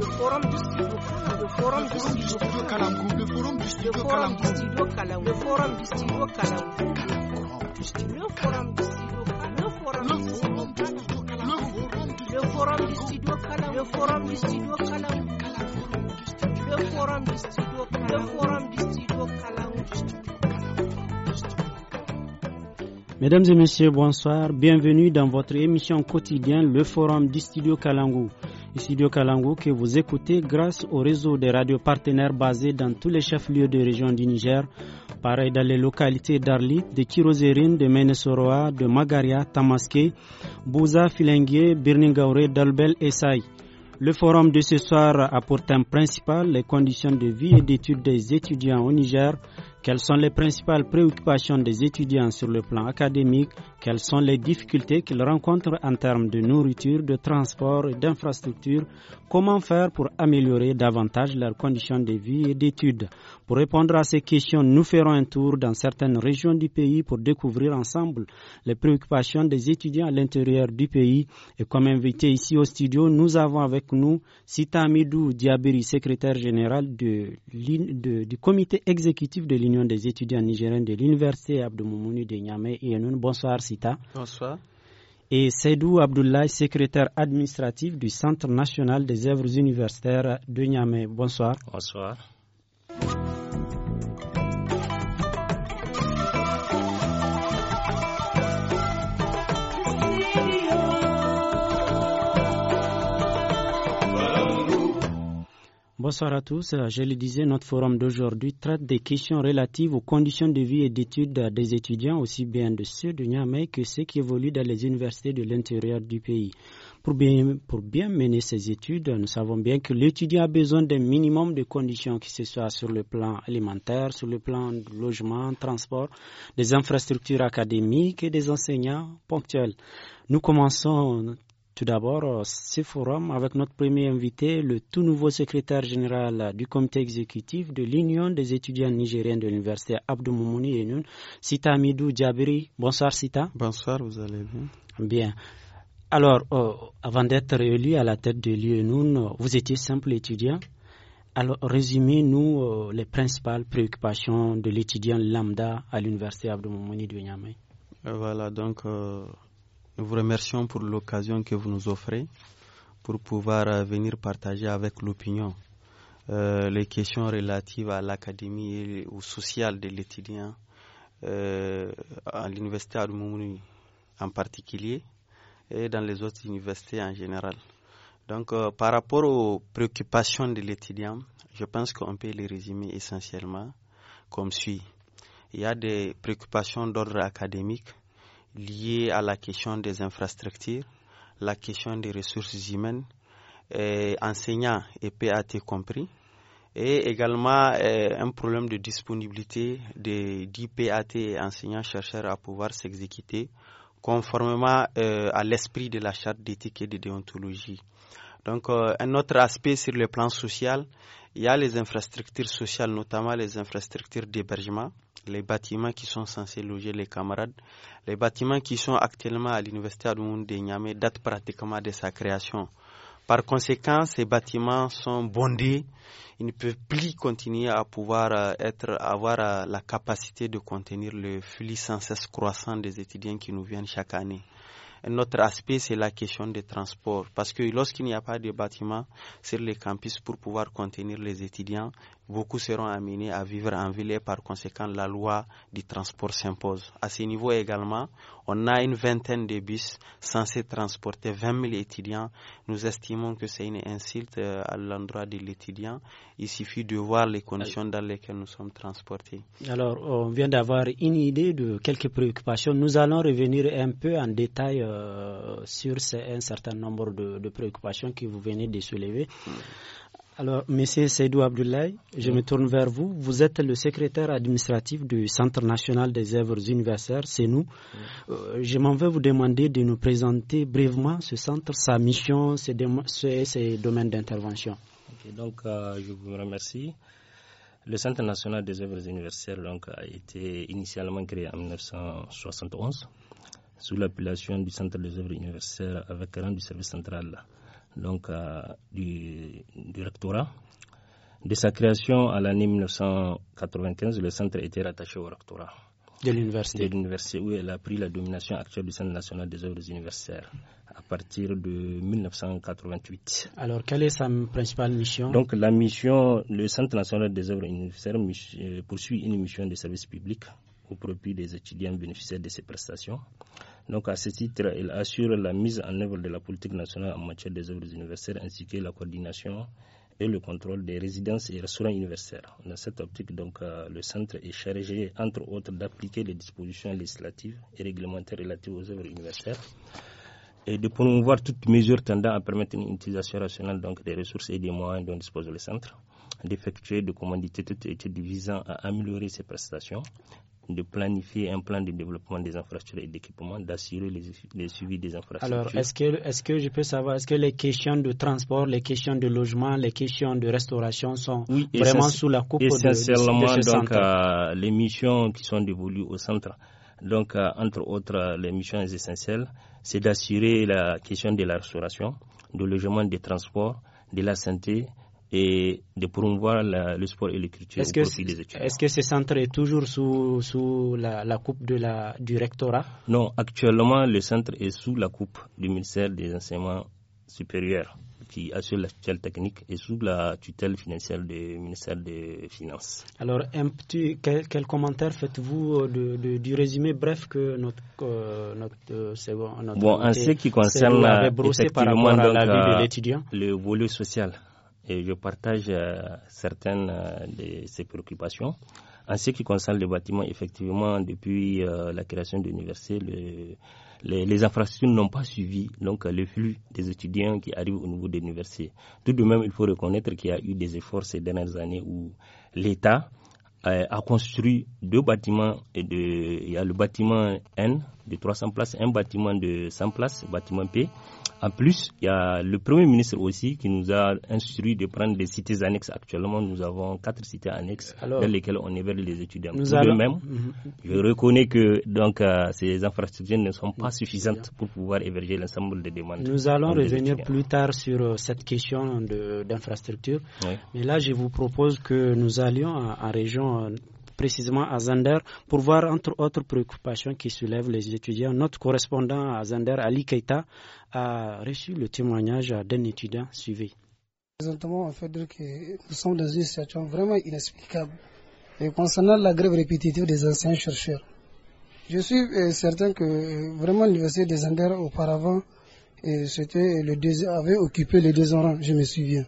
le forum du studio le forum du studio Kalamkou le forum du studio Kalamkou le forum du studio Kalamkou le forum du studio Kalangou. le forum du studio Kalamkou le forum du studio Kalangou. le forum du studio Kalamkou le forum du studio Mesdames et messieurs, bonsoir. Bienvenue dans votre émission quotidienne Le Forum du Studio Kalangou. Studio Kalango que vous écoutez grâce au réseau des radios partenaires basés dans tous les chefs-lieux de région du Niger, pareil dans les localités d'Arlit, de Kirozérine, de Menesoroa, de Magaria, Tamaské, Bouza, Filengue, Birningaure, Dalbel et Saï. Le forum de ce soir a pour thème principal les conditions de vie et d'études des étudiants au Niger, quelles sont les principales préoccupations des étudiants sur le plan académique Quelles sont les difficultés qu'ils rencontrent en termes de nourriture, de transport et d'infrastructure Comment faire pour améliorer davantage leurs conditions de vie et d'études Pour répondre à ces questions, nous ferons un tour dans certaines régions du pays pour découvrir ensemble les préoccupations des étudiants à l'intérieur du pays. Et comme invité ici au studio, nous avons avec nous Sita Amidou Diabiri, secrétaire général de, du comité exécutif de l'Union l'Union des étudiants nigériens de l'Université Abdoumoumouni de Niamey, Bonsoir, Sita. Bonsoir. Et Seydou Abdoulaye, secrétaire administratif du Centre national des œuvres universitaires de Niamey. Bonsoir. Bonsoir. Bonsoir à tous. Euh, je le disais, notre forum d'aujourd'hui traite des questions relatives aux conditions de vie et d'études des étudiants, aussi bien de ceux de Niamey que ceux qui évoluent dans les universités de l'intérieur du pays. Pour bien, mener ces études, nous savons bien que l'étudiant a besoin d'un minimum de conditions, que ce soit sur le plan alimentaire, sur le plan logement, transport, des infrastructures académiques et des enseignants ponctuels. Nous commençons tout d'abord, ce euh, forum avec notre premier invité, le tout nouveau secrétaire général euh, du comité exécutif de l'Union des étudiants nigériens de l'université Abdou Moumouni Sita Amidou Djabiri. Bonsoir Sita. Bonsoir, vous allez bien. Bien. Alors, euh, avant d'être élu à la tête de l'Union, vous étiez simple étudiant. Alors, résumez-nous les principales préoccupations de l'étudiant lambda à l'université Abdou Moumouni de Voilà, donc nous vous remercions pour l'occasion que vous nous offrez pour pouvoir euh, venir partager avec l'opinion euh, les questions relatives à l'académie ou sociale de l'étudiant euh, à l'université Arumouni en particulier et dans les autres universités en général. Donc, par rapport aux préoccupations de l'étudiant, je pense qu'on peut les résumer essentiellement comme suit. Il y a des préoccupations d'ordre académique, lié à la question des infrastructures, la question des ressources humaines, euh, enseignants et PAT compris, et également euh, un problème de disponibilité des 10 PAT et enseignants-chercheurs à pouvoir s'exécuter conformément euh, à l'esprit de la charte d'éthique et de déontologie. Donc, euh, un autre aspect sur le plan social, il y a les infrastructures sociales, notamment les infrastructures d'hébergement, les bâtiments qui sont censés loger les camarades. Les bâtiments qui sont actuellement à l'université de Niamey datent pratiquement de sa création. Par conséquent, ces bâtiments sont bondés. Ils ne peuvent plus continuer à pouvoir euh, être, avoir euh, la capacité de contenir le flux sans cesse croissant des étudiants qui nous viennent chaque année. Un autre aspect, c'est la question des transports. Parce que lorsqu'il n'y a pas de bâtiments sur les campus pour pouvoir contenir les étudiants, beaucoup seront amenés à vivre en ville et par conséquent, la loi du transport s'impose. À ce niveau également, on a une vingtaine de bus censés transporter 20 000 étudiants. Nous estimons que c'est une insulte euh, à l'endroit de l'étudiant. Il suffit de voir les conditions dans lesquelles nous sommes transportés. Alors, on vient d'avoir une idée de quelques préoccupations. Nous allons revenir un peu en détail euh, sur un certain nombre de préoccupations que vous venez de soulever. Hmm. Alors, Monsieur Seydou Abdoulaye, je me tourne vers vous. Vous êtes le secrétaire administratif du Centre national des œuvres universelles, c'est nous. Euh, je m'en vais vous demander de nous présenter brièvement ce centre, sa mission, ses, ses, domaines d'intervention. donc, euh, je vous remercie. Le Centre national des œuvres universelles a été initialement créé en 1971 sous l'appellation du Centre des œuvres universelles avec rang du service central donc, euh, du, rectorat. De sa création à l'année 1995, le centre était rattaché au rectorat. De l'université. De l'université, où elle a pris la domination actuelle du Centre national des œuvres universitaires à partir de 1988. Alors, quelle est sa principale mission Donc, la mission, le Centre national des œuvres universitaires euh, poursuit une mission de service public au profit des étudiants bénéficiaires de ses prestations. Donc, à ce titre, il assure la mise en œuvre de la politique nationale en matière des œuvres universitaires ainsi que la coordination et le contrôle des résidences et restaurants universitaires. Dans cette optique, euh, le centre est chargé, entre autres, d'appliquer les dispositions législatives et réglementaires relatives aux œuvres universitaires et de promouvoir toutes mesures tendant à permettre une utilisation rationnelle des ressources et des moyens dont dispose le centre, d'effectuer, de commanditer toute étude visant à améliorer ses prestations, de planifier un plan de développement des infrastructures et d'équipements, d'assurer les, les, suivis des infrastructures. Alors, est-ce que, est que je peux savoir, est-ce que les questions de transport, les questions de logement, les questions de restauration sont vraiment sous la coupe de, de, de ce donc, euh, les missions qui sont dévolues au centre. Donc, euh, entre autres, euh, les missions essentielles, c'est d'assurer la question de la restauration, du logement, des transports, de la santé, et de promouvoir le sport et l'écriture est-ce que Est-ce que ce centre est toujours sous, sous la, coupe de la, du rectorat Non, actuellement, le centre est sous la coupe du ministère des Enseignements supérieurs qui assure la tutelle technique et sous la tutelle financière du ministère des Finances. Alors, quel, quel commentaire faites-vous euh, du résumé bref que notre. Euh, euh, notre, bon, bon, en ce qui concerne effectivement, le volet social, et je partage euh, certaines euh, de ces préoccupations. En ce qui concerne les bâtiments. effectivement, depuis euh, la création de l'université, les, infrastructures n'ont pas suivi donc le flux des étudiants qui arrivent au niveau de l'université. Tout de même, il faut reconnaître qu'il y a eu des efforts ces dernières années où l'État a construit deux bâtiments. Et il y a le bâtiment N de 300 places, un bâtiment de 100 places, bâtiment P, en plus, il y a le Premier ministre aussi qui nous a instruit de prendre des cités annexes. Actuellement, nous avons quatre cités annexes dans lesquelles on héberge les étudiants. Nous même, mhm. je reconnais que donc euh, ces infrastructures ne sont pas suffisantes pour pouvoir héberger l'ensemble des demandes. Nous allons revenir plus tard sur euh, cette question d'infrastructure. Mais là, je vous propose que nous allions à en région euh, précisément à Zander, pour voir entre autres préoccupations qui soulèvent les étudiants. Notre correspondant à Zander, Ali Keita, a reçu le témoignage d'un étudiant suivi. Présentement, on fait que nous sommes dans une situation vraiment inexplicable. Et concernant la grève répétitive des anciens chercheurs, je suis euh, certain que euh, vraiment l'université de Zander auparavant euh, avait occupé les deux rangs, je me souviens.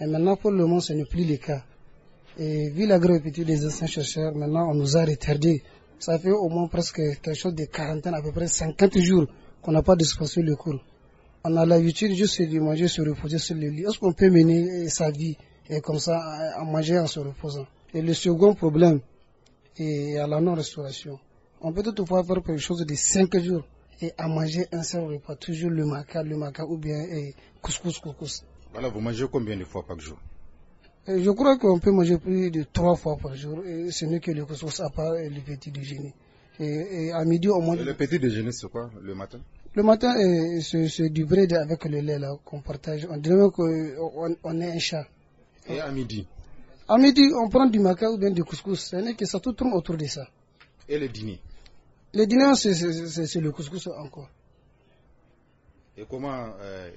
Et maintenant, pour le moment, ce n'est plus le cas. Et vu la gravité des anciens chercheurs, maintenant on nous a retardés. Ça fait au moins presque quelque chose de quarantaine, à peu près 50 jours qu'on n'a pas dispensé le cours. On a l'habitude juste de manger, se reposer sur le lit. Est-ce qu'on peut mener euh, sa vie euh, comme ça à manger en se reposant Et le second problème est à la non-restauration. On peut toutefois faire quelque chose de 5 jours et à manger un seul repas, toujours le maca, le maca ou bien euh, couscous, couscous. Voilà, vous mangez combien de fois par jour euh, je crois qu'on peut manger plus de trois fois par jour, et ce n'est que le couscous à part le petit déjeuner. Et, et, à midi au moins. Le petit déjeuner, c'est quoi le matin Le matin, euh, c'est du bread avec le lait qu'on partage. On dirait qu'on euh, on est un chat. Et à midi À midi, on prend du maca ou bien du couscous. C'est que ça tout tourne autour de ça. Et le dîner Le dîner, c'est le couscous encore. Et comment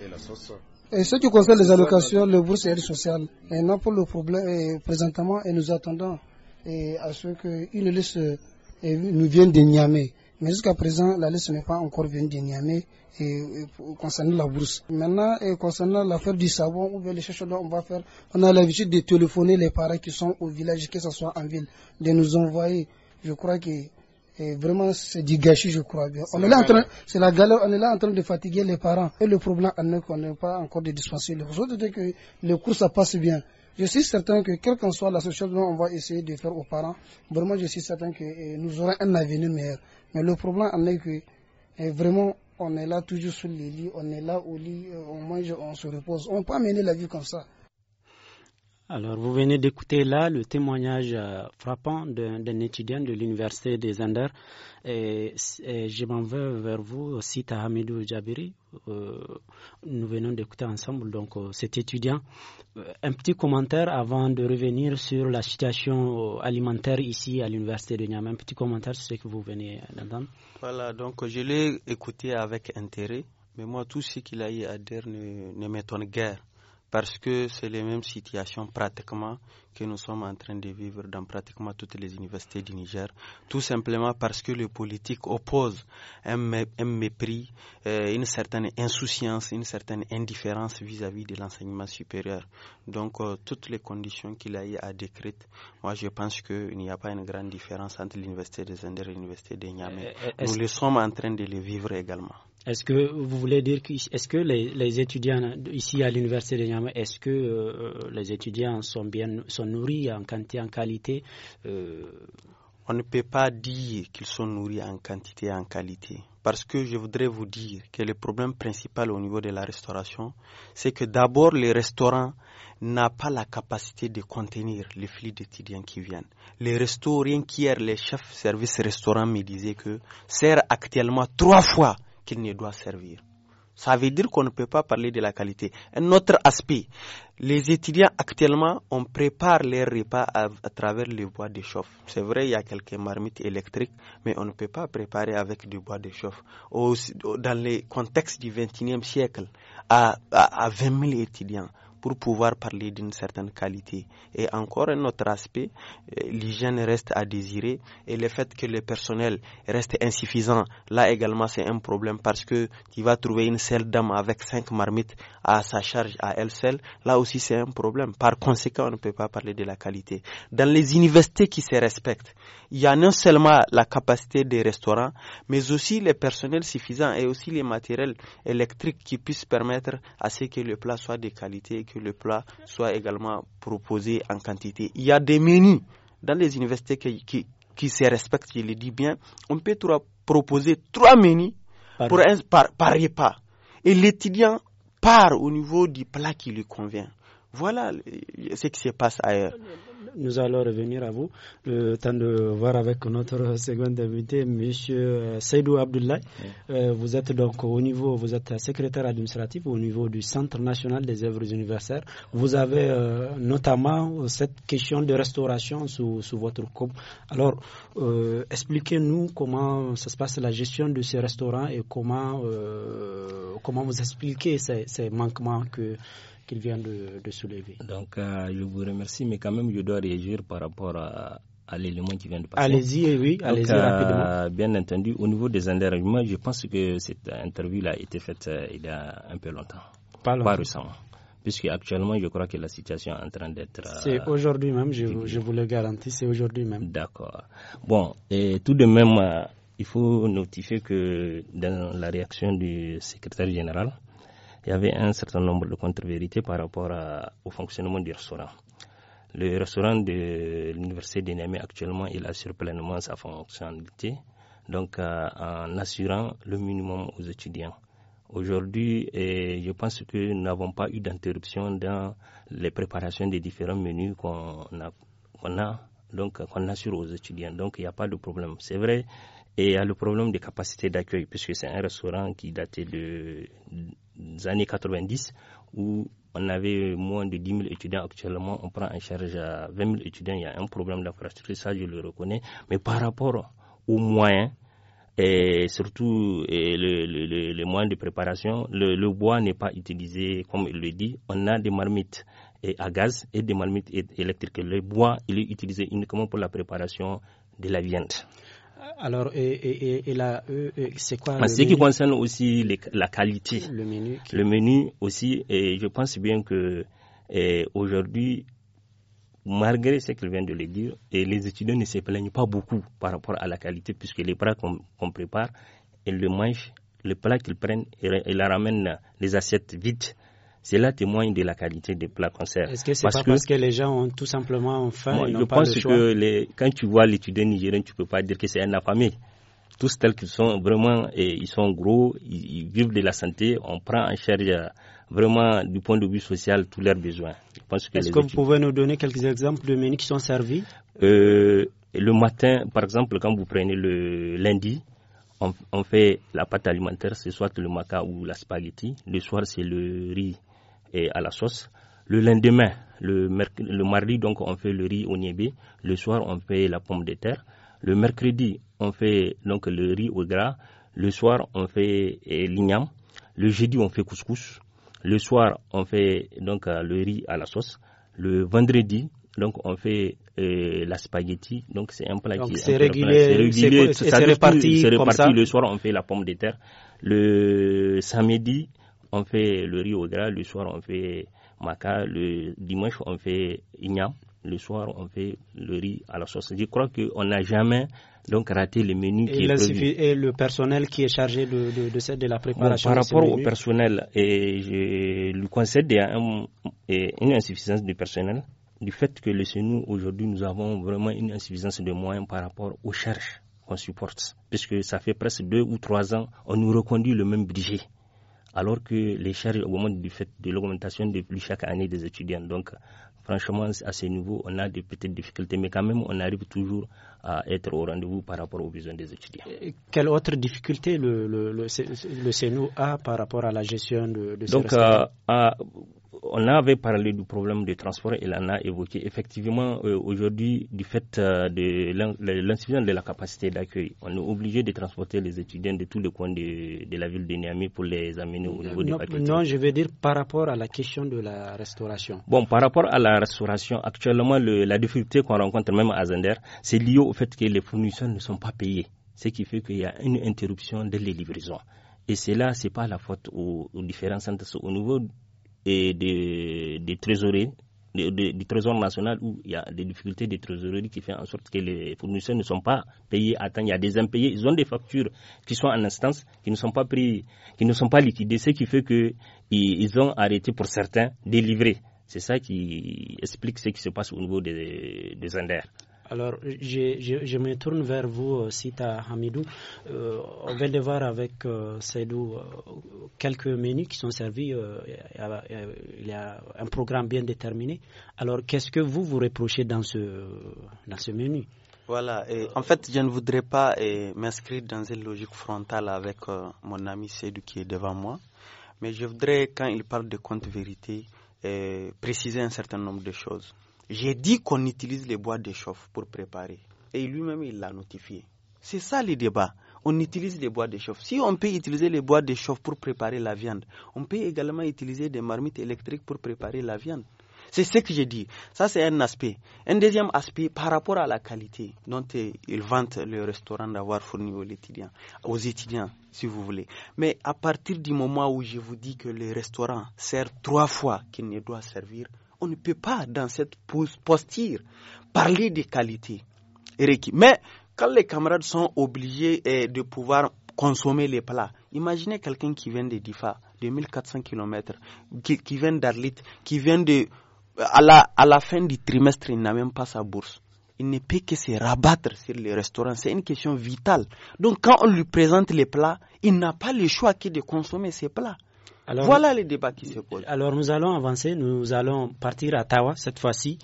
est la sauce et ce qui concerne les allocations, le bourse et l'aide sociale, et non pour le problème présentement, et nous attendons et à ce qu'une liste nous vienne de Niamey. Mais jusqu'à présent, la liste n'est pas encore venue de Niamey concernant la bourse. Maintenant, concernant l'affaire du savon où les chercheurs on va faire, on a l'habitude de téléphoner les parents qui sont au village, que ce soit en ville, de nous envoyer. Je crois que et vraiment, c'est du gâchis, je crois bien. On est, là en train, c'est la galère, on est là en train de fatiguer les parents. Et le problème en est qu'on n'est pas encore de dispenser les autres. que le cours, ça passe bien. Je suis certain que, quelle qu'en soit la société, on va essayer de faire aux parents. Vraiment, je suis certain que eh, nous aurons un avenir meilleur. Mais le problème en est que, eh, vraiment, on est là toujours sur les lits, on est là au lit, euh, on mange, on se repose. On peut pas mener la vie comme ça. Alors, vous venez d'écouter là le témoignage euh, frappant d'un étudiant de l'Université des Anders. Et, je m'en veux vers vous, aussi Hamidou Jabiri. Euh, nous venons d'écouter ensemble donc, euh, cet étudiant. un petit commentaire avant de revenir sur la situation alimentaire ici à l'Université de Niamey. Un petit commentaire sur ce que vous venez d'entendre. Voilà, donc je l'ai écouté avec intérêt. Mais moi, tout ce qu'il a eu à dire ne m'étonne guère parce que c'est les mêmes situations pratiquement que nous sommes en train de vivre dans pratiquement toutes les universités du Niger, tout simplement parce que les politiques opposent un, mépris, euh, une certaine insouciance, une certaine indifférence vis-à-vis de l'enseignement supérieur. Donc euh, toutes les conditions qu'il a eu à décrites, moi je pense qu'il n'y a pas une grande différence entre l'université de Zender et l'université de Niamey. Euh, nous les sommes en train de les vivre également. Est-ce que vous voulez dire que, est-ce que les, étudiants ici à l'université de Niamey, est-ce que euh, euh, les étudiants sont bien nourris en quantité en qualité euh? On ne peut pas dire qu'ils sont nourris en quantité et en qualité parce que je voudrais vous dire que le problème principal au niveau de la restauration, c'est que d'abord les restaurants n'a pas la capacité de contenir les flux d'étudiants qui viennent. Les restos, rien les chefs service restaurants me disaient que sert actuellement trois fois qu'il ne doit servir. Ça veut dire qu'on ne peut pas parler de la qualité. Un autre aspect, les étudiants actuellement, on prépare les repas à, travers le bois de chauffe. C'est vrai, il y a quelques marmites électriques, mais on ne peut pas préparer avec du bois de chauffe. dans les contextes du XXIe siècle, à, à 20 000 étudiants, pour pouvoir parler d'une certaine qualité. Et encore un autre aspect, euh, l'hygiène reste à désirer et le fait que le personnel reste insuffisant, là également c'est un problème parce que tu vas trouver une seule dame avec cinq marmites à sa charge à elle seule, là aussi c'est un problème. Par conséquent, on ne peut pas parler de la qualité. Dans les universités qui se respectent, il y a non seulement la capacité des restaurants, mais aussi le personnel suffisant et aussi les matériels électriques qui puissent permettre à ce que le plat soit de qualité que le plat soit également proposé en quantité. Il y a des menus dans les universités qui, qui, se respectent, je le dis bien. On peut proposer trois menus pour un, par, par repas. Et l'étudiant part au niveau du plat qui lui convient. Voilà ce qui se passe ailleurs. Nous allons revenir à vous. Le temps de voir avec notre second invité, Monsieur euh, Seydou Abdoulaye. Euh, vous êtes donc au niveau, vous êtes secrétaire administratif au niveau du Centre national des œuvres universitaires. Vous avez euh, notamment cette question de restauration sous, sous votre coupe. Alors, expliquez-nous comment ça se passe la gestion de ces restaurants et comment, comment vous expliquez ces, ces manquements que qu'il vient de, soulever. Donc, euh, je vous remercie, mais quand même, je dois réagir par rapport à, l'élément qui vient de passer. Allez-y, oui, allez-y euh, rapidement. bien entendu, au niveau des engagements, je pense que cette interview a été faite euh, il y a un peu longtemps. Pas récemment. Puisque actuellement, je crois que la situation est en train d'être. c'est aujourd'hui même, je vous, je vous, le garantis, c'est aujourd'hui même. D'accord. Bon, et tout de même, il faut notifier que dans la réaction du secrétaire général, il y avait un certain nombre de contre-vérités par rapport au fonctionnement du restaurant. Le restaurant de l'université d'Enamé actuellement, il assure pleinement sa fonctionnalité, donc euh, en assurant le minimum aux étudiants. Aujourd'hui, je pense que nous n'avons pas eu d'interruption dans les préparations des différents menus qu'on a, a, donc qu'on assure aux étudiants. Donc il n'y a pas de problème. C'est vrai, et il y a le problème des capacités d'accueil, puisque c'est un restaurant qui datait de années 90 où on avait moins de 10 000 étudiants actuellement, on prend en charge 20 000 étudiants, il y a un problème d'infrastructure, ça je le reconnais, mais par rapport aux moyens, et surtout les moyens de préparation, le, bois n'est pas utilisé comme il le dit, on a des marmites à gaz et des marmites électriques. Le bois, il est utilisé uniquement pour la préparation de la viande. Alors, et, là, euh, euh, c'est quoi bah, Ce qui concerne aussi la qualité. Le menu. aussi, et je pense bien que aujourd'hui, malgré ce qu'il vient de le dire, et les étudiants ne se plaignent pas beaucoup par rapport à la qualité, puisque les plats qu'on prépare, ils le mangent, le plat qu'ils prennent, ils, la ramènent les assiettes vite. Cela témoigne de la qualité des plats sert. Est-ce que c'est parce que les gens ont tout simplement faim et Je pas pense le choix. que quand tu vois l'étudiant nigérien, tu ne peux pas dire que c'est un affamé. Tous tels qu'ils sont vraiment, et ils sont gros, ils, vivent de la santé, on prend en charge euh, vraiment du point de vue social tous leurs besoins. Est-ce que, vous pouvez nous donner quelques exemples de menus qui sont servis euh, Le matin, par exemple, quand vous prenez le lundi, on, on fait la pâte alimentaire, c'est soit le maca ou la spaghetti. Le soir, c'est le riz et à la sauce. Le lendemain, le, le, mardi, donc, on fait le riz au niébé. Le soir, on fait la pomme de terre. Le mercredi, on fait donc le riz au gras. Le soir, on fait eh, lignan, Le jeudi, on fait couscous. Le soir, on fait donc euh, le riz à la sauce. Le vendredi, donc on fait eh, la spaghetti. Donc c'est un plat qui est régulier, c'est réparti. C'est réparti. Comme ça. Le soir, on fait la pomme de terre. Le samedi, on fait le riz au gras, le soir on fait maca, le dimanche on fait igna, le soir on fait le riz à la sauce. Je crois qu'on n'a jamais donc raté le menu et qui est prévu. Et le personnel qui est chargé de, de, cette, de la préparation Par rapport au personnel, et je lui concède un, une insuffisance du personnel du fait que le aujourd'hui, nous avons vraiment une insuffisance de moyens par rapport aux charges qu'on supporte. Puisque ça fait presque deux ou trois ans, on nous reconduit le même budget alors que les charges augmentent du fait de l'augmentation de plus chaque année des étudiants. Donc, franchement, à ce niveau, on a des petites difficultés, mais quand même, on arrive toujours à être au rendez-vous par rapport aux besoins des étudiants. quelle autre difficulté le, le, CNU a par rapport à la gestion de, ces Donc, euh, à, on avait parlé du problème de transport, et en a évoqué. Effectivement, euh, aujourd'hui, du fait euh, de l'insuffisance de la capacité d'accueil, on est obligé de transporter les étudiants de tous les coins de, la ville de Niamey pour les amener au niveau non, des Non, je veux dire par rapport à la question de la restauration. Bon, par rapport à la restauration, actuellement, la difficulté qu'on rencontre même à Zender, c'est lié au fait que les fournisseurs ne sont pas payés, ce qui fait qu'il y a une interruption de les livraisons. Et cela, ce n'est pas la faute aux, aux différents centres. Au niveau et des, des trésoreries du trésor national où il y a des difficultés de trésorerie qui font en sorte que les fournisseurs ne sont pas payés à temps. Il y a des impayés, ils ont des factures qui sont en instance, qui ne sont pas pris, qui ne sont pas liquidées, ce qui fait qu'ils ils ont arrêté pour certains de livrer. C'est ça qui explique ce qui se passe au niveau des, des alors, je, me tourne vers vous, euh, Sita Hamidou. Euh, on vient de voir avec Sedou Seydou euh, quelques menus qui sont servis. il y a un programme bien déterminé. Alors, qu'est-ce que vous vous reprochez dans ce, menu voilà, en fait, je ne voudrais pas m'inscrire dans une logique frontale avec mon ami Seydou qui est devant moi, mais je voudrais, quand il parle de compte-vérité, préciser un certain nombre de choses. J'ai dit qu'on utilise les bois de chauffe pour préparer. Et lui-même, il l'a notifié. C'est ça le débat. On utilise les bois de chauffe. Si on peut utiliser les bois de chauffe pour préparer la viande, on peut également utiliser des marmites électriques pour préparer la viande. C'est ce que j'ai dit. Ça, c'est un aspect. Un deuxième aspect, par rapport à la qualité dont ils vantent le restaurant d'avoir fourni aux étudiants, aux étudiants, si vous voulez. Mais à partir du moment où je vous dis que le restaurant sert trois fois qu'il ne doit servir, on ne peut pas, dans cette posture, parler des qualités Mais quand les camarades sont obligés eh, de pouvoir consommer les plats, imaginez quelqu'un qui vient de Difa, de 1400 km, qui, vient d'Arlit, qui vient de. À la, à la fin du trimestre, il n'a même pas sa bourse il ne peut que se rabattre sur les restaurants. C'est une question vitale. Donc quand on lui présente les plats, il n'a pas le choix que de consommer ces plats voilà les débats qui se posent. Alors nous allons avancer, nous allons partir à Tawa cette fois-ci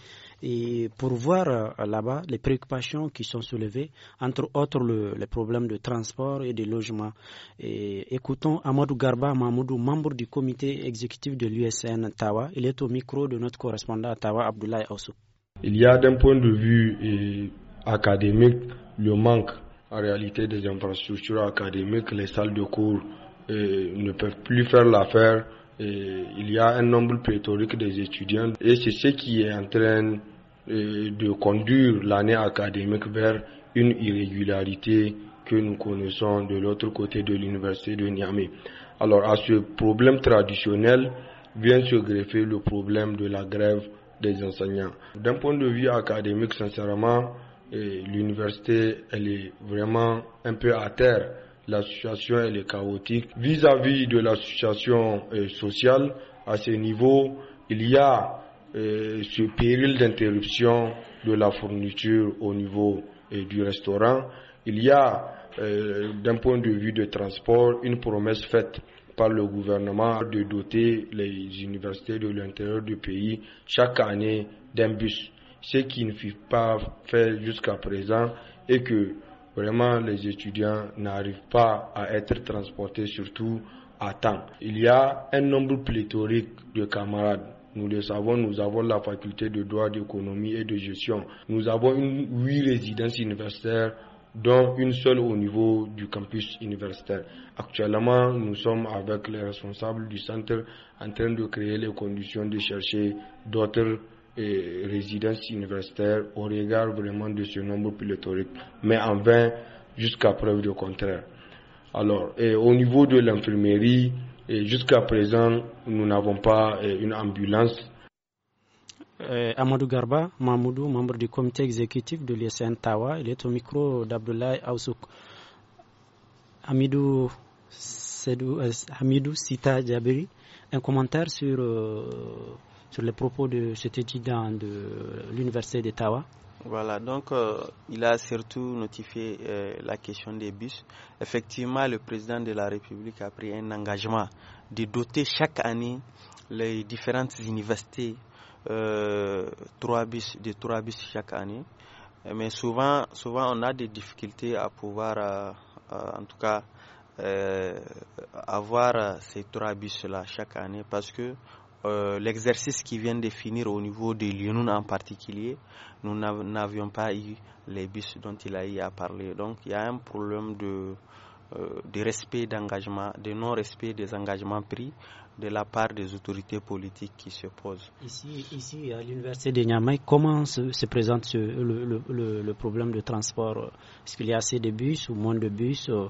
et pour voir euh, là-bas les préoccupations qui sont soulevées, entre autres les problèmes de transport et de logement. écoutons Amadou Garba Mahmoudou, membre du comité exécutif de l'USN Tawa. Il est au micro de notre correspondant à Tawa, Abdoulaye Ossou. Il y a d'un point de vue académique le manque en réalité des infrastructures académiques, les salles de cours ne peuvent plus faire l'affaire. il y a un nombre pléthorique des étudiants et c'est ce qui est en train de conduire l'année académique vers une irrégularité que nous connaissons de l'autre côté de l'université de Niamey. Alors à ce problème traditionnel vient se greffer le problème de la grève des enseignants. D'un point de vue académique, sincèrement, l'université, elle est vraiment un peu à terre l'association elle est chaotique. Vis-à-vis de l'association euh, sociale, à ce niveau, il y a euh, ce péril d'interruption de la fourniture au niveau euh, du restaurant. Il y a, d'un point de vue de transport, une promesse faite par le gouvernement de doter les universités de l'intérieur du pays chaque année d'un bus, ce qui ne fut pas fait jusqu'à présent et que Vraiment, les étudiants n'arrivent pas à être transportés, surtout à temps. Il y a un nombre pléthorique de camarades nous le savons, nous avons la faculté de droit d'économie et de gestion. Nous avons une, huit résidences universitaires, dont une seule au niveau du campus universitaire. Actuellement, nous sommes avec les responsables du centre en train de créer les conditions de chercher d'autres et résidences universitaires au regard vraiment de ce nombre pléthorique, mais en vain jusqu'à preuve du contraire. Alors, au niveau de l'infirmerie, jusqu'à présent, nous n'avons pas eh, une ambulance. Euh, Amadou Garba, Mamoudou, membre du comité exécutif de l'ISN Tawa, il est au micro d'Abdoulaye Aoussouk. Amidou, Sedou, euh, Amidou Sita Djabiri, un commentaire sur euh, sur les propos de cet étudiant de l'Université d'Ottawa. Voilà, donc euh, il a surtout notifié euh, la question des bus. Effectivement, le président de la République a pris un engagement de doter chaque année les différentes universités euh, trois bus, de trois bus chaque année. Mais souvent, souvent on a des difficultés à pouvoir, en tout cas, avoir ces trois bus là chaque année parce que euh, l'exercice qui vient de finir au niveau de Lyon en particulier, nous n'avions pas eu les bus dont il a eu à parler. Donc il y a un problème euh, de, respect d'engagement, de non-respect des engagements pris de la part des autorités politiques qui se posent. Ici, ici à l'université de Niamey, comment se, présente le, problème de transport Est-ce qu'il y a assez de bus ou moins de bus euh?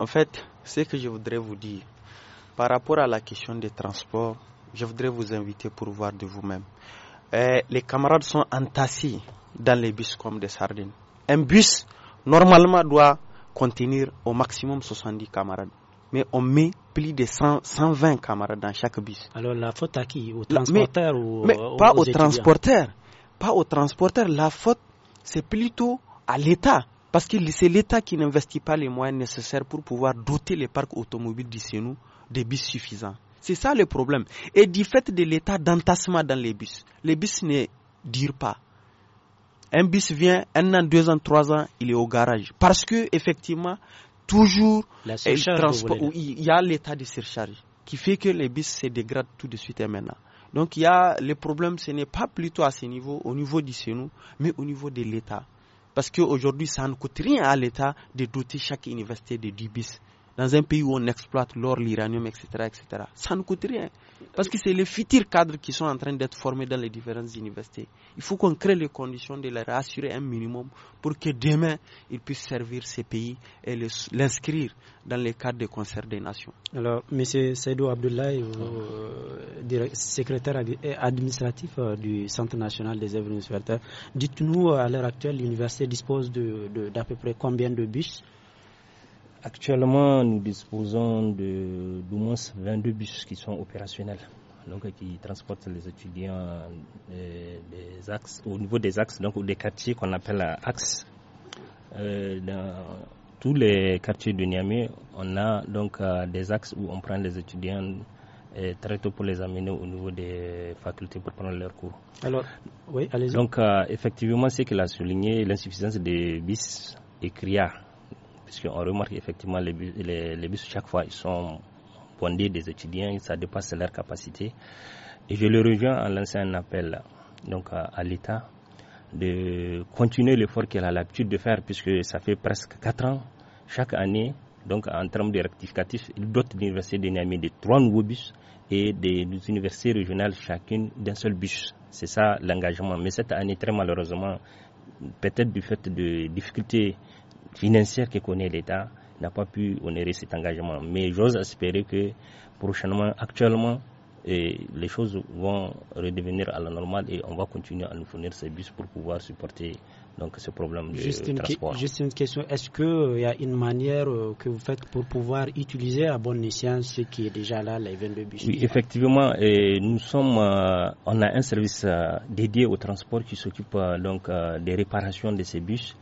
En fait, ce que je voudrais vous dire, par rapport à la question des transports, je voudrais vous inviter pour voir de vous-même. Euh, les camarades sont entassés dans les bus comme des sardines. Un bus, normalement, doit contenir au maximum 70 camarades. Mais on met plus de 100, 120 camarades dans chaque bus. Alors la faute à qui Au transporteur ou mais euh, pas au transporteur. Pas au transporteur. La faute, c'est plutôt à l'État. Parce que c'est l'État qui n'investit pas les moyens nécessaires pour pouvoir doter les parcs automobiles d'ici nous des bus suffisants. C'est ça le problème. Et du fait de l'état d'entassement dans les bus, les bus ne durent pas. Un bus vient, un an, deux ans, trois ans, il est au garage. Parce que, effectivement, toujours, il y a l'état de surcharge qui fait que les bus se dégradent tout de suite et maintenant. Donc, le problème, ce n'est pas plutôt à ce niveau, au niveau du nous, mais au niveau de l'État. Parce qu'aujourd'hui, ça ne coûte rien à l'État de doter chaque université de 10 bus dans un pays où on exploite l'or, l'uranium, etc., etc. Ça ne coûte rien. Parce que c'est les futurs cadres qui sont en train d'être formés dans les différentes universités. Il faut qu'on crée les conditions de leur assurer un minimum pour que demain, ils puissent servir ces pays et l'inscrire dans les cadres de concert des nations. Alors, M. Seydou Abdoulaye, euh, secrétaire administratif euh, du Centre national des œuvres universitaires, dites-nous euh, à l'heure actuelle, l'université dispose d'à de, peu près combien de bus Actuellement, nous disposons de d'au moins 22 bus qui sont opérationnels, donc qui transportent les étudiants euh, des, axes, au niveau des axes, donc des quartiers qu'on appelle axes. Euh, dans tous les quartiers de Niamey, on a donc euh, des axes où on prend les étudiants euh, très tôt pour les amener au niveau des facultés pour prendre leurs cours. Alors, oui, allez Donc, effectivement, ce qu'il a souligné, l'insuffisance des bus et CRIA, puisqu'on remarque effectivement les bus, les, bus, chaque fois, ils sont bondés des étudiants, ça dépasse leur capacité. Et je le rejoins en lançant un appel donc à, l'État de continuer l'effort qu'elle a l'habitude de faire, puisque ça fait presque quatre ans, chaque année, donc en termes de rectificatifs, d'autres universités de Niamey, de trois nouveaux bus et des, universités régionales, chacune d'un seul bus. C'est ça l'engagement. Mais cette année, très malheureusement, peut-être du fait de difficultés financière que connaît l'État n'a pas pu honorer cet engagement. Mais j'ose espérer que prochainement, actuellement, les choses vont redevenir à la normale et on va continuer à nous fournir ces bus pour pouvoir supporter donc ce problème de juste une transport. juste une question, est-ce qu'il euh, y a une manière euh, que vous faites pour pouvoir utiliser à bon escient ce qui est déjà là, les de bus Oui, effectivement, nous sommes, euh, on a un service dédié au transport qui s'occupe donc des réparations de ces bus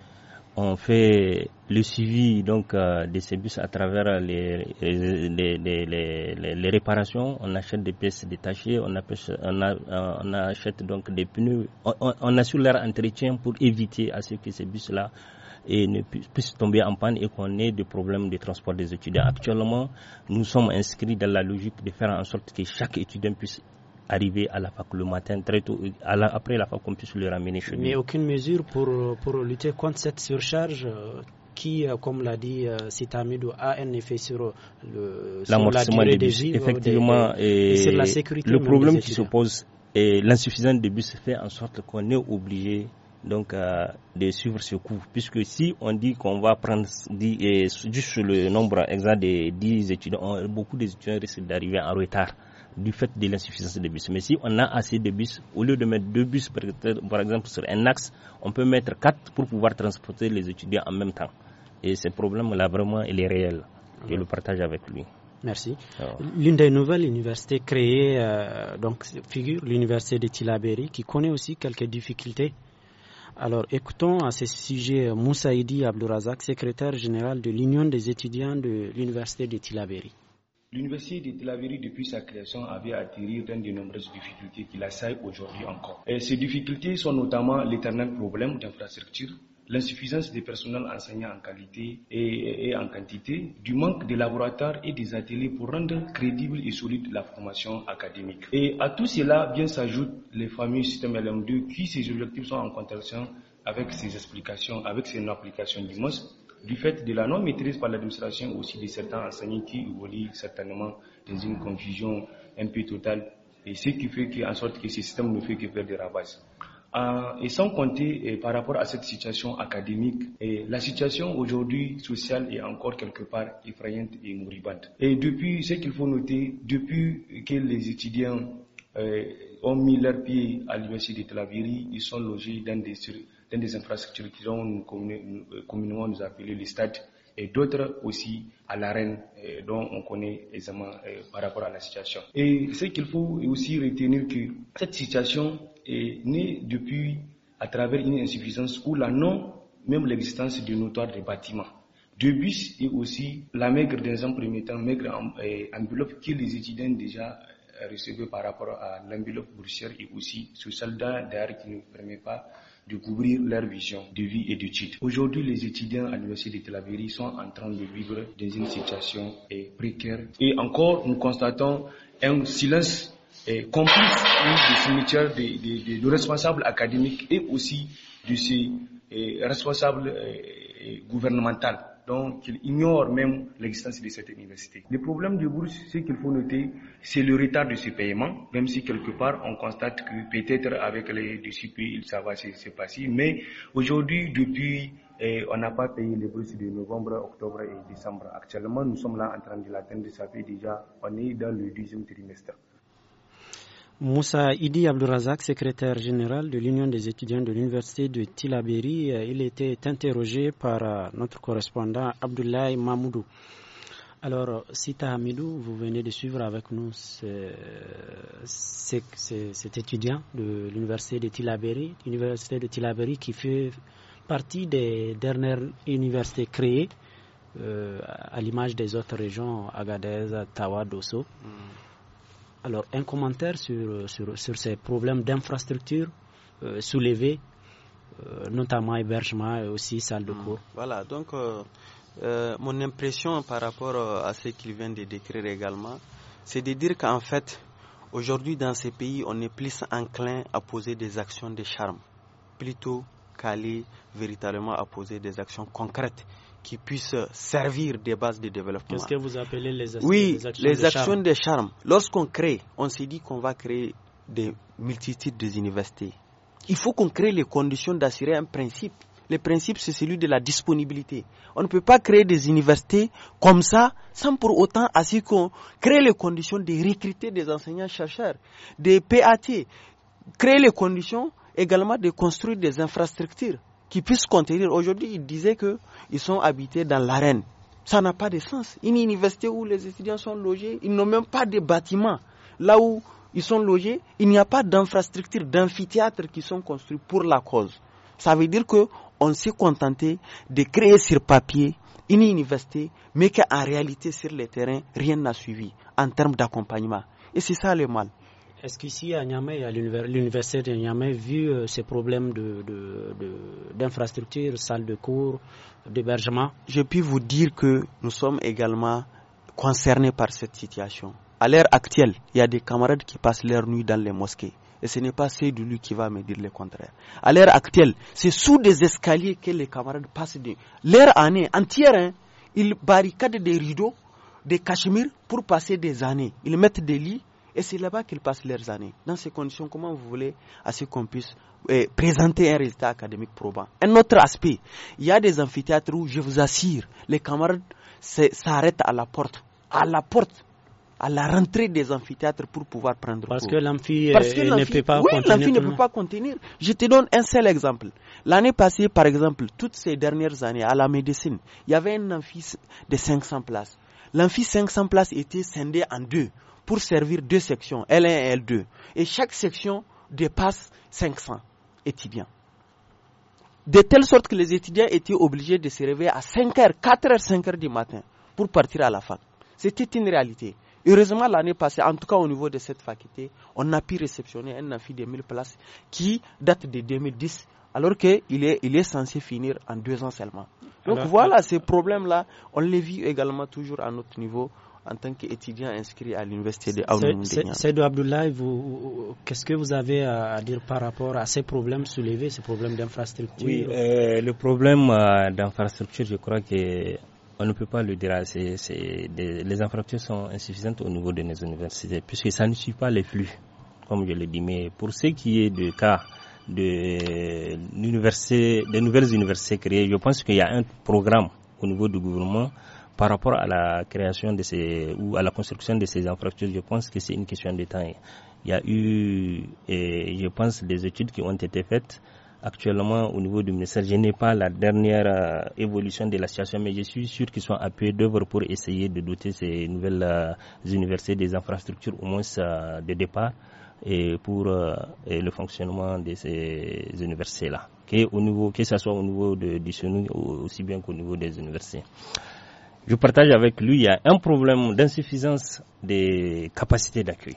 on fait le suivi donc euh, de ces bus à travers les les, réparations. On achète des pièces détachées, on, achète, achète donc des pneus. On, on, assure leur entretien pour éviter à ce que ces bus-là ne puissent tomber en panne et qu'on ait des problèmes de transport des étudiants. Actuellement, nous sommes inscrits dans la logique de faire en sorte que chaque étudiant puisse arriver à la fac le matin très tôt, après la fac qu'on puisse le ramener chez lui. Mais aucune mesure pour, pour lutter contre cette surcharge euh, qui, euh, comme l'a dit euh, Sitamido, a un effet sur, le, la durée effectivement, et sur la sécurité. Le problème qui se pose est l'insuffisance des bus fait en sorte qu'on est obligé donc de suivre ce cours. Puisque si on dit qu'on va prendre du sur juste le nombre exact des 10 étudiants, beaucoup d'étudiants risquent d'arriver en retard du fait de l'insuffisance des bus. Mais si on a assez de bus, au lieu de mettre deux bus par, exemple sur un axe, on peut mettre quatre pour pouvoir transporter les étudiants en même temps. Et ce problème-là, vraiment, il est réel. Je le partage avec lui. Merci. L'une des nouvelles universités créées, euh, donc figure l'université de Tilaberi, qui connaît aussi quelques difficultés. Alors écoutons à ce sujet Moussaïdi Abdourazak, secrétaire général de l'Union des étudiants de l'université de Tilaberi. L'université de Telavéry, depuis sa création, avait atterri dans de nombreuses difficultés qui l'assaillent aujourd'hui encore. ces difficultés sont notamment l'éternel problème d'infrastructure, l'insuffisance des personnels enseignants en qualité et, en quantité, du manque de laboratoires et des ateliers pour rendre crédible et solide la formation académique. Et à tout cela, bien s'ajoutent les fameux systèmes LM2 qui, ces objectifs sont en contradiction avec ses explications, avec ses applications du MOS, du fait de la non-maîtrise par l'administration aussi de certains enseignants qui évoluent certainement dans une confusion un peu totale, et ce qui fait qu'en en sorte que ce système ne fait que faire des ravages. Euh, et sans compter euh, par rapport à cette situation académique, euh, la situation aujourd'hui sociale est encore quelque part effrayante et moribonde. Et depuis, ce qu'il faut noter, depuis que les étudiants ont mis leurs pieds à l'université de Tlaviri, ils sont logés dans des dans des infrastructures qui ont communément nous appelé les stades et d'autres aussi à l'arène euh, dont on connaît aisément euh, par rapport à la situation. Et ce qu'il faut aussi retenir que cette situation est née depuis à travers une insuffisance ou la non même l'existence de notoire des bâtiments. De bus et aussi la maigre des un premier temps, maigre euh, enveloppe que les étudiants déjà recevaient par rapport à l'enveloppe boursière et aussi soldat derrière qui ne permet pas de couvrir leur vision de vie et d'études. Aujourd'hui, les étudiants à l'Université de Tel Aviv sont en train de vivre dans une situation eh, précaire. Et encore, nous constatons un silence eh, complice du cimetière des, des, des, responsables académiques et aussi de ces eh, responsables gouvernementaux donc il ignore même l'existence de cette université. Le problème du bourse, ce qu'il faut noter, c'est le retard de ce paiement, même si quelque part on constate que peut-être avec les disciples ça va se passer, mais aujourd'hui, depuis eh, on n'a pas payé les bourses de novembre, octobre et décembre. Actuellement, nous sommes là en train de l'atteindre, ça fait déjà, on est dans le deuxième trimestre. Moussa Idi Abdourazak, secrétaire général de l'Union des étudiants de l'Université de Tilaberi, euh, il était interrogé par euh, notre correspondant Abdoulaye Mamoudou. Alors, euh, Sita Hamidou, vous venez de suivre avec nous cet étudiant de l'Université de Tilaberi, l'Université de Tilaberi qui fait partie des dernières universités créées à l'image des autres régions, Agadez, Tawa, Dosso. Mm. Alors, un commentaire sur, ces problèmes d'infrastructure euh, soulevés, euh, notamment hébergement et aussi salle de hmm. cours. Voilà, donc euh, mon impression par rapport à ce qu'il vient de décrire également, c'est de dire qu'en fait, aujourd'hui dans ces pays, on est plus enclin à poser des actions de charme, plutôt qu'aller véritablement à poser des actions concrètes qui puissent servir des bases de développement. Qu'est-ce que vous appelez les, actions, les actions charme. Lorsqu'on crée, on s'est dit qu'on va créer des multitudes d'universités. Il faut qu'on crée les conditions d'assurer un principe. Le principe, c'est celui de la disponibilité. On ne peut pas créer des universités comme ça sans pour autant assurer qu'on crée les conditions de recruter des enseignants-chercheurs, des PAT, créer les conditions également de construire des infrastructures qui puisse contenir. Aujourd'hui, ils disaient qu'ils sont habités dans l'arène. Ça n'a pas de sens. Une université où les étudiants sont logés, ils n'ont même pas de bâtiments. Là où ils sont logés, il n'y a pas d'infrastructures, d'amphithéâtre qui sont construits pour la cause. Ça veut dire qu'on s'est contenté de créer sur papier une université, mais qu'en réalité, sur le terrain, rien n'a suivi en termes d'accompagnement. Et c'est ça le mal. Est-ce qu'ici à Niamey, à l'université de Niamey, vu euh, ces problèmes d'infrastructures, de, de, salles de cours, d'hébergement Je puis vous dire que nous sommes également concernés par cette situation. À l'heure actuelle, il y a des camarades qui passent leur nuit dans les mosquées. Et ce n'est pas de lui qui va me dire le contraire. À l'heure actuelle, c'est sous des escaliers que les camarades passent de leur année entière. Hein. ils barricadent des rideaux, des cachemires pour passer des années. Ils mettent des lits et c'est là-bas qu'ils passent leurs années. Dans ces conditions, comment vous voulez à qu'on puisse eh, présenter un résultat académique probant Un autre aspect, il y a des amphithéâtres où, je vous assure, les camarades s'arrêtent à la porte. À la porte à la rentrée des amphithéâtres pour pouvoir prendre Parce que l'amphi euh, ne peut pas oui, contenir. ne peut pas contenir. Je te donne un seul exemple. L'année passée, par exemple, toutes ces dernières années, à la médecine, il y avait un amphi de 500 places. L'amphi 500 places était scindé en deux pour servir deux sections, L1 et L2. Et chaque section dépasse 500 étudiants. De telle sorte que les étudiants étaient obligés de se réveiller à 5h, 4h, 5h du matin pour partir à la fac. C'était une réalité. Heureusement, l'année passée, en tout cas au niveau de cette faculté, on a pu réceptionner un amphi de 1000 places qui date de 2010, alors qu'il est, censé finir en deux ans seulement. Donc voilà, euh, ces problèmes-là, on les vit également toujours à notre niveau en tant qu'étudiant inscrit à l'université de C'est Seydou Abdoulaye, qu'est-ce que vous avez à dire par rapport à ces problèmes soulevés, ces problèmes d'infrastructure Oui, euh, le problème euh, d'infrastructure, je crois que on ne peut pas le dire. assez. les infrastructures sont insuffisantes au niveau de nos universités, puisque ça ne suit pas les flux, comme je l'ai dit. Mais pour ce qui est du cas de l'université, des nouvelles universités créées, je pense qu'il y a un programme au niveau du gouvernement par rapport à la création de ces ou à la construction de ces infrastructures, je pense que c'est une question de temps. Il y a eu, et je pense, des études qui ont été faites actuellement au niveau du ministère. Je n'ai pas la dernière euh, évolution de la situation, mais je suis sûr qu'ils sont appuyés d'œuvre pour essayer de doter ces nouvelles euh, universités des infrastructures au moins euh, de départ et pour le fonctionnement de ces universités-là. Que, ce soit au niveau de, du ou aussi bien qu'au niveau des universités je partage avec lui, il y a un problème d'insuffisance des capacités d'accueil.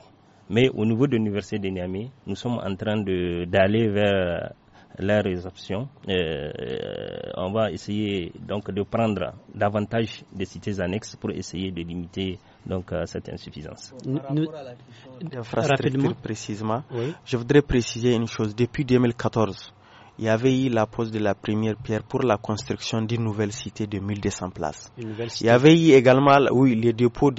Mais au niveau de l'Université de Niamey, nous sommes en train d'aller vers la réception. Euh, on va essayer donc de prendre davantage des cités annexes pour essayer de limiter donc euh, cette insuffisance. Par précisément, je voudrais préciser une chose. Depuis 2014, il y avait eu la pose de la première pierre pour la construction d'une nouvelle cité de 1200 places. Il y avait eu également, oui, les dépôts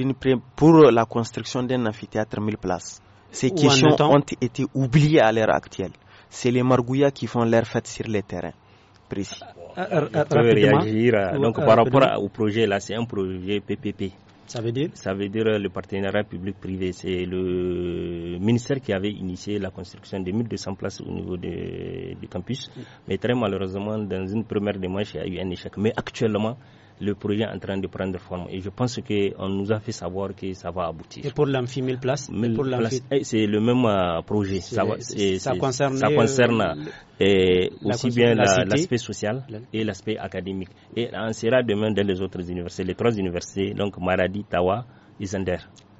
pour la construction d'un amphithéâtre 1000 places. Ces questions ont été oubliées à l'heure actuelle. C'est les margouillas qui font l'air fête sur les terrains précis. Euh, euh, réagir. Euh, donc, par rapport au projet, là, c'est un projet PPP. Ça veut dire Ça veut dire le partenariat public-privé. C'est le ministère qui avait initié la construction de 1200 places au niveau du campus. Mais très malheureusement, dans une première démarche, il y a eu un échec. Mais actuellement, le projet est en train de prendre forme. Et je pense qu'on nous a fait savoir que ça va aboutir. Et pour l'amphi, 1000 places eh, C'est le même euh, projet. Ça, concerne, euh, aussi bien l'aspect social et l'aspect académique. Et on sera demain dans les autres universités, les trois universités, donc Maradi, Tawa et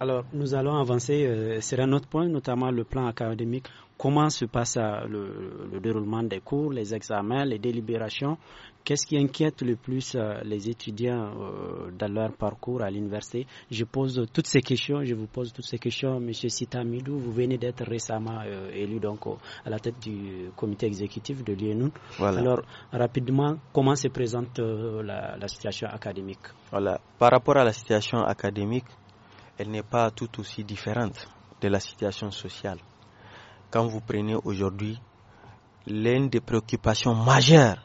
Alors, nous allons avancer c'est euh, sur un autre point, notamment le plan académique. Comment se passe le, déroulement des cours, les examens, les délibérations Qu'est-ce qui inquiète le plus euh, les étudiants euh, dans leur parcours à l'université Je pose toutes ces questions, je vous pose toutes ces questions, Monsieur Sita Midou, vous venez d'être récemment euh, élu donc à la tête du comité exécutif de l'INU. Alors rapidement, comment se présente la, situation académique par rapport à la situation académique, elle n'est pas tout aussi différente de la situation sociale. Quand vous prenez aujourd'hui l'une des préoccupations majeures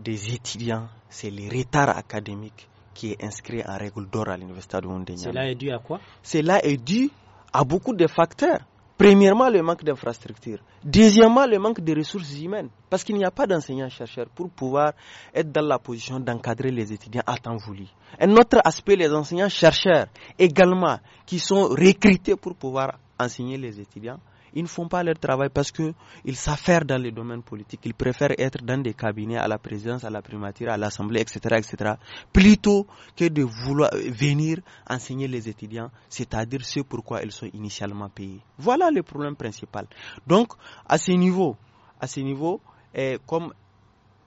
des étudiants, c'est le retard académique qui est inscrit en règle d'or à l'université de Yaoundé. Cela est dû à quoi Cela est dû à beaucoup de facteurs. Premièrement, le manque d'infrastructures. Deuxièmement, le manque de ressources humaines. Parce qu'il n'y a pas d'enseignants-chercheurs pour pouvoir être dans la position d'encadrer les étudiants à temps voulu. Un autre aspect, les enseignants-chercheurs également, qui sont recrutés pour pouvoir enseigner les étudiants, ils ne font pas leur travail parce qu'ils ils s'affairent dans les domaines politiques. Ils préfèrent être dans des cabinets à la présidence, à la primature, à l'assemblée, etc., etc., plutôt que de vouloir venir enseigner les étudiants, c'est-à-dire ce pourquoi ils sont initialement payés. Voilà le problème principal. Donc, à ce niveau, à ce niveau, eh, comme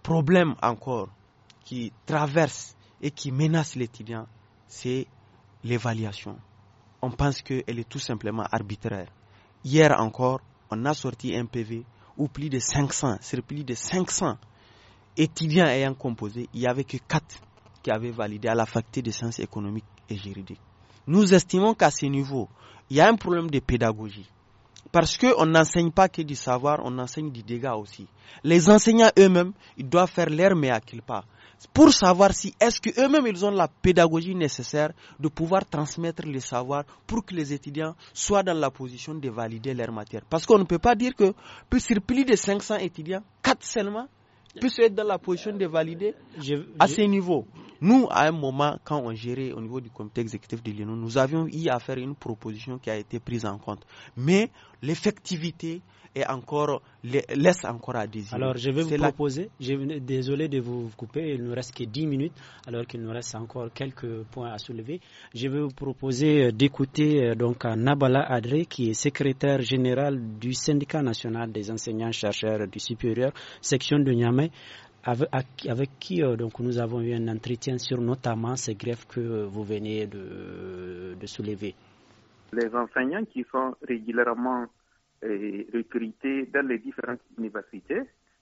problème encore qui traverse et qui menace l'étudiant, c'est l'évaluation. On pense qu'elle est tout simplement arbitraire. Hier encore, on a sorti un PV où plus de 500, sur plus de 500 étudiants ayant composé, il n'y avait que 4 qui avaient validé à la faculté des sciences économiques et juridiques. Nous estimons qu'à ce niveau, il y a un problème de pédagogie. Parce qu'on n'enseigne pas que du savoir, on enseigne du dégât aussi. Les enseignants eux-mêmes, ils doivent faire à quel pas? pour savoir si est-ce qu'eux-mêmes ils ont la pédagogie nécessaire de pouvoir transmettre les savoirs pour que les étudiants soient dans la position de valider leur matière. Parce qu'on ne peut pas dire que plus sur plus de 500 étudiants, 4 seulement puissent être dans la position de valider à ces niveaux. Nous, à un moment, quand on gérait au niveau du comité exécutif de l'UNO, nous avions eu à faire une proposition qui a été prise en compte. Mais l'effectivité, et encore, laisse encore à désirer. Alors, je vais vous proposer, désolé de vous couper, il ne reste que 10 minutes, alors qu'il nous reste encore quelques points à soulever. Je vais vous proposer d'écouter euh, donc Nabala Adré, qui est secrétaire général du syndicat national des enseignants-chercheurs du supérieur, section de Niamey avec, qui euh, donc, nous avons eu un entretien sur notamment ces grèves que vous venez de, de soulever. Les enseignants qui sont régulièrement recrutés dans les différentes universités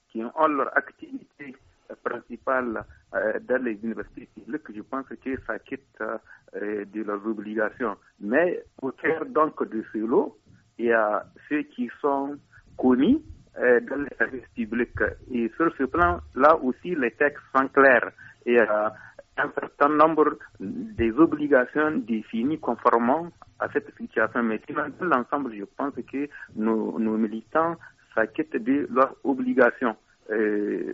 qui ont leur activité principale euh, dans les universités publiques, je pense que ça quitte euh, de leurs obligations. Mais au cœur donc de ce lot, il y a ceux qui sont connus euh, dans les services publics. Et sur ce plan, là aussi, les textes sont clairs. Et un certain nombre des obligations définies conformément à cette situation. Mais dans l'ensemble, je pense que nos, militants s'inquiètent de leurs obligations. Euh,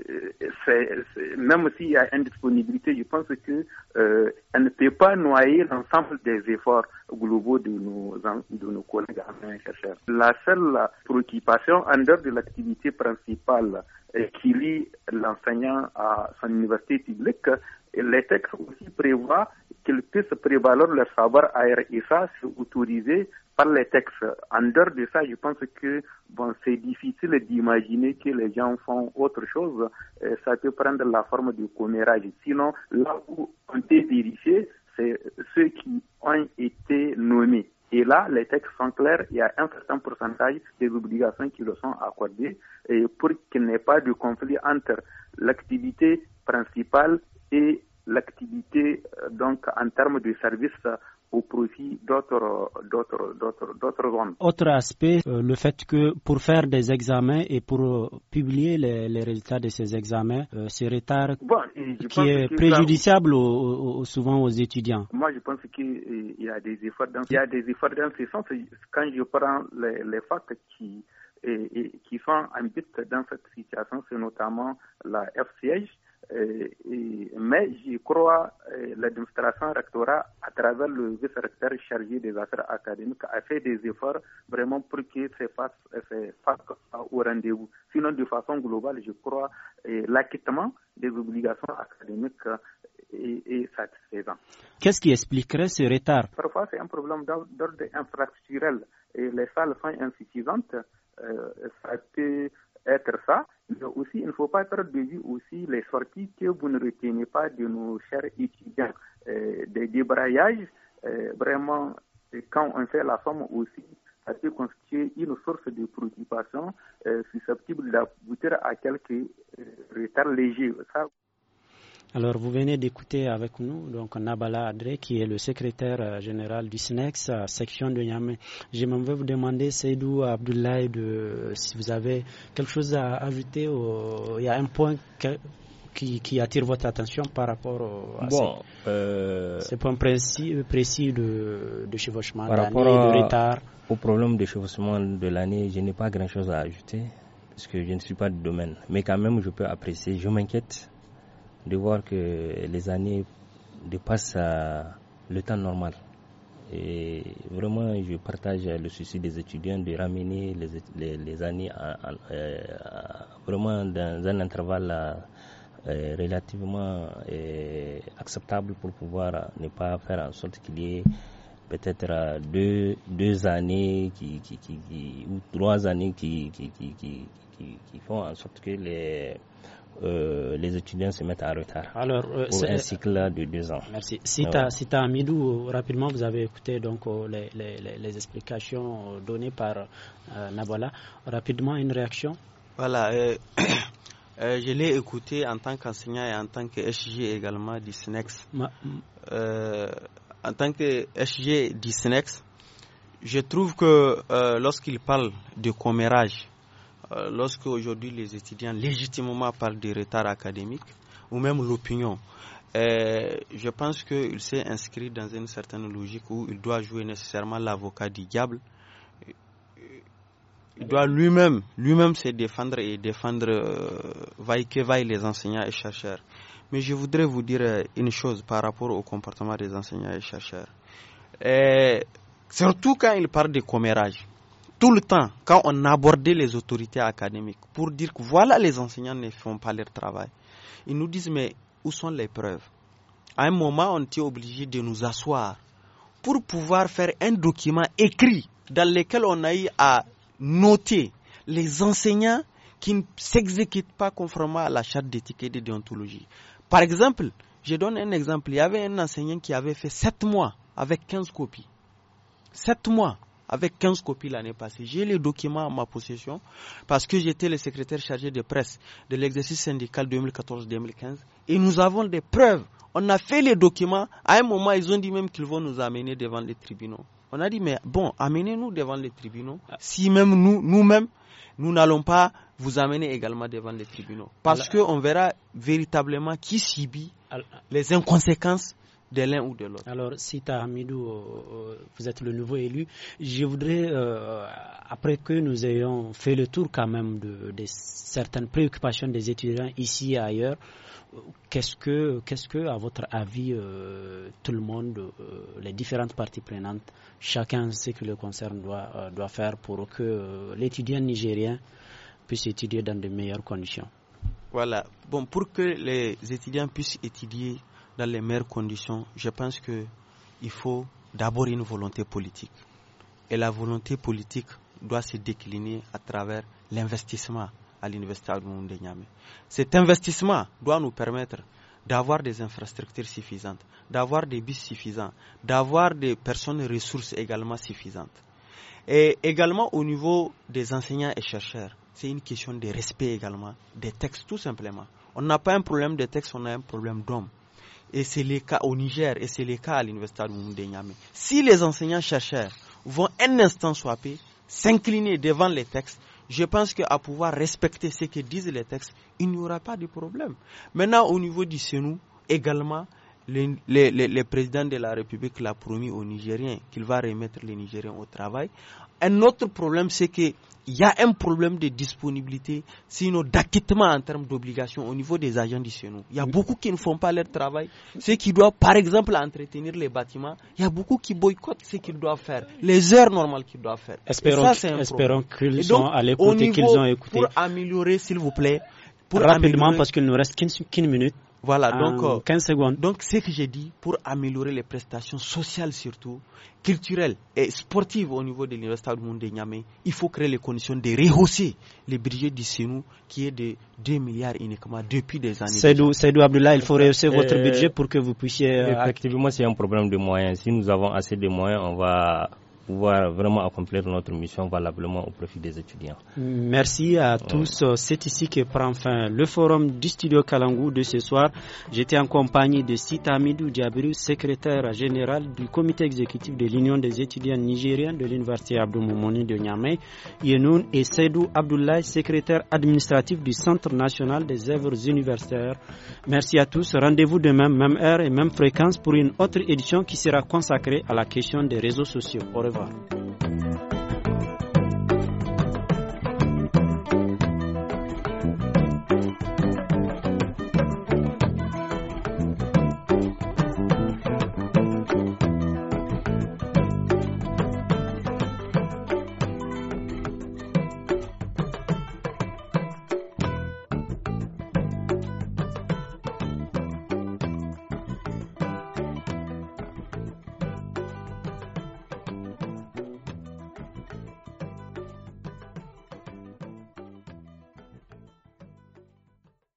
euh même s'il y a indisponibilité, je pense que euh, elle ne peut pas noyer l'ensemble des efforts globaux de nos, de nos collègues chercheurs. La seule préoccupation, en dehors de l'activité principale euh, qui lie l'enseignant à son université publique, les textes aussi prévoient qu'ils puissent prévaloir leur savoir à Et ça, c'est autorisé par les textes. En dehors de ça, je pense que bon, c'est difficile d'imaginer que les gens font autre chose. Euh, ça peut prendre la forme du commérage. Sinon, là où on peut vérifier, c'est ceux qui ont été nommés. Et là, les textes sont clairs, il y a un certain pourcentage des obligations qui le sont accordées et pour qu'il n'y ait pas de conflit entre l'activité principale et l'activité euh, donc en termes de services euh, au profit d'autres euh, d'autres d'autres d'autres zones. Autre aspect, le fait que pour faire des examens et pour publier les, résultats de ces examens, c'est ce retard qui est préjudiciable souvent aux étudiants. Moi, je pense qu'il y a des efforts dans il y a des efforts dans ce sens. Quand je prends les, facs qui qui sont en but dans cette situation, c'est notamment la FCH euh, mais je crois euh, l'administration rectorale, à travers le vice-recteur chargé des affaires académiques, a fait des efforts vraiment pour que ces fasse, euh, au rendez-vous. Sinon, de façon globale, je crois l'acquittement des obligations académiques est, satisfaisant. Qu'est-ce qui expliquerait ce retard Parfois, c'est un problème d'ordre infrastructurel. Et les salles sont insuffisantes. ça peut être ça aussi, il ne faut pas perdre de vue aussi les sorties que vous ne retenez pas de nos chers étudiants. Euh, des débrayages, euh, vraiment, euh, quand on fait la forme aussi, ça peut constituer une source de préoccupation susceptible d'aboutir à quelques retards légers. Alors, vous venez d'écouter avec nous donc Nabala Adré, qui est le secrétaire euh, général du SNEX, euh, section de Niamey. Je m'en vais vous demander, Seydou Abdoulaye, de, si vous avez quelque chose à ajouter. il y a un point qui, attire votre attention par rapport à bon, euh, point précis, de, chevauchement de de retard. Au problème de chevauchement de l'année, je n'ai pas grand-chose à ajouter, parce que je ne suis pas de domaine. Mais quand même, je peux apprécier, je m'inquiète de voir que les années dépassent euh, le temps normal. Et vraiment, je partage le souci des étudiants de ramener les, années euh, vraiment dans un intervalle euh, relativement acceptable pour pouvoir ne pas faire en sorte qu'il y ait peut-être deux, deux années qui, ou trois années qui, qui, font en sorte que les, euh, les étudiants se mettent à retard. Alors, euh, pour un euh, cycle de deux ans. Merci. Sita, ouais. Sita Amidou, rapidement, vous avez écouté donc les, les, les explications données par Nabola, Rapidement, une réaction Voilà. je l'ai écouté en tant qu'enseignant et en tant que SG également du en tant que SG du SNEX, je trouve que lorsqu'il parle de commérage, euh, lorsque aujourd'hui les étudiants légitimement parlent du retard académique ou même l'opinion, euh, je pense qu'il s'est inscrit dans une certaine logique où il doit jouer nécessairement l'avocat du diable. Il doit lui-même, lui-même se défendre et défendre euh, vaille que vaille les enseignants et chercheurs. Mais je voudrais vous dire une chose par rapport au comportement des enseignants et chercheurs. surtout quand il parle de commérage tout le temps, quand on abordait les autorités académiques pour dire que voilà, les enseignants ne font pas leur travail, ils nous disent mais où sont les preuves À un moment, on était obligé de nous asseoir pour pouvoir faire un document écrit dans lequel on a eu à noter les enseignants qui ne s'exécutent pas conformément à la charte d'éthique et de déontologie. Par exemple, je donne un exemple. Il y avait un enseignant qui avait fait 7 mois avec 15 copies. 7 mois avec 15 copies l'année passée. J'ai les documents à ma possession parce que j'étais le secrétaire chargé de presse de l'exercice syndical 2014-2015 et nous avons des preuves. On a fait les documents. À un moment, ils ont dit même qu'ils vont nous amener devant les tribunaux. On a dit, mais bon, amenez-nous devant les tribunaux. Si même nous, nous-mêmes, nous n'allons pas vous amener également devant les tribunaux. Parce qu'on verra véritablement qui subit les inconséquences de l'un ou de l'autre. Alors, Sita Hamidou, euh, euh, vous êtes le nouveau élu. Je voudrais, euh, après que nous ayons fait le tour quand même de, certaines préoccupations des étudiants ici et ailleurs, qu'est-ce que, qu'est-ce que, à votre avis, tout le monde, les différentes parties prenantes, chacun ce que le concerne doit, doit faire pour que l'étudiant nigérien puisse étudier dans de meilleures conditions Voilà. Bon, pour que les étudiants puissent étudier dans les meilleures conditions, je pense qu'il faut d'abord une volonté politique. Et la volonté politique doit se décliner à travers l'investissement à l'Université de Niamey. Cet investissement doit nous permettre d'avoir des infrastructures suffisantes, d'avoir des bus suffisants, d'avoir des personnes et ressources également suffisantes. Et également au niveau des enseignants et chercheurs, c'est une question de respect également des textes tout simplement. On n'a pas un problème de textes, on a un problème d'hommes et c'est le cas au Niger, et c'est le cas à l'Université de Niamey. Si les enseignants-chercheurs vont un instant swapper, s'incliner devant les textes, je pense qu'à pouvoir respecter ce que disent les textes, il n'y aura pas de problème. Maintenant, au niveau du CENU, également, le, le, président de la République l'a promis aux Nigériens qu'il va remettre les Nigériens au travail un autre problème, c'est que il y a un problème de disponibilité, sinon d'acquittement en termes d'obligations au niveau des agents nous. Il y a beaucoup qui ne font pas leur travail. Ceux qui doivent, par exemple, entretenir les bâtiments, il y a beaucoup qui boycottent ce qu'ils doivent faire, les heures normales qu'ils doivent faire. Espérons, espérons qu'ils sont à l'écoute qu'ils ont écouté. Pour améliorer, s'il vous plaît, rapidement parce qu'il nous reste qu'une minutes. Voilà, donc, 15 euh, secondes. Donc, ce que j'ai dit, pour améliorer les prestations sociales surtout, culturelles et sportives au niveau de l'Université du Monde de Niamey, il faut créer les conditions de rehausser le budget du nous qui est de 2 milliards uniquement depuis des années. C'est Abdullah, il faut euh, rehausser votre euh, budget pour que vous puissiez. Effectivement, c'est un problème de moyens. Si nous avons assez de moyens, on va pouvoir vraiment accomplir notre mission valablement au profit des étudiants. Merci à tous. C'est ici que prend fin le forum du studio Kalangou de ce soir. J'étais en compagnie de Sita Amidou Diabiru, secrétaire général du comité exécutif de l'Union des étudiants nigériens de l'Université Abdou Moumouni de Niamey, Yenoun et Seydou Abdoulaye, secrétaire administratif du Centre national des œuvres universitaires. Merci à tous. Rendez-vous demain, même heure et même fréquence pour une autre édition qui sera consacrée à la question des réseaux sociaux. Au revoir. うん。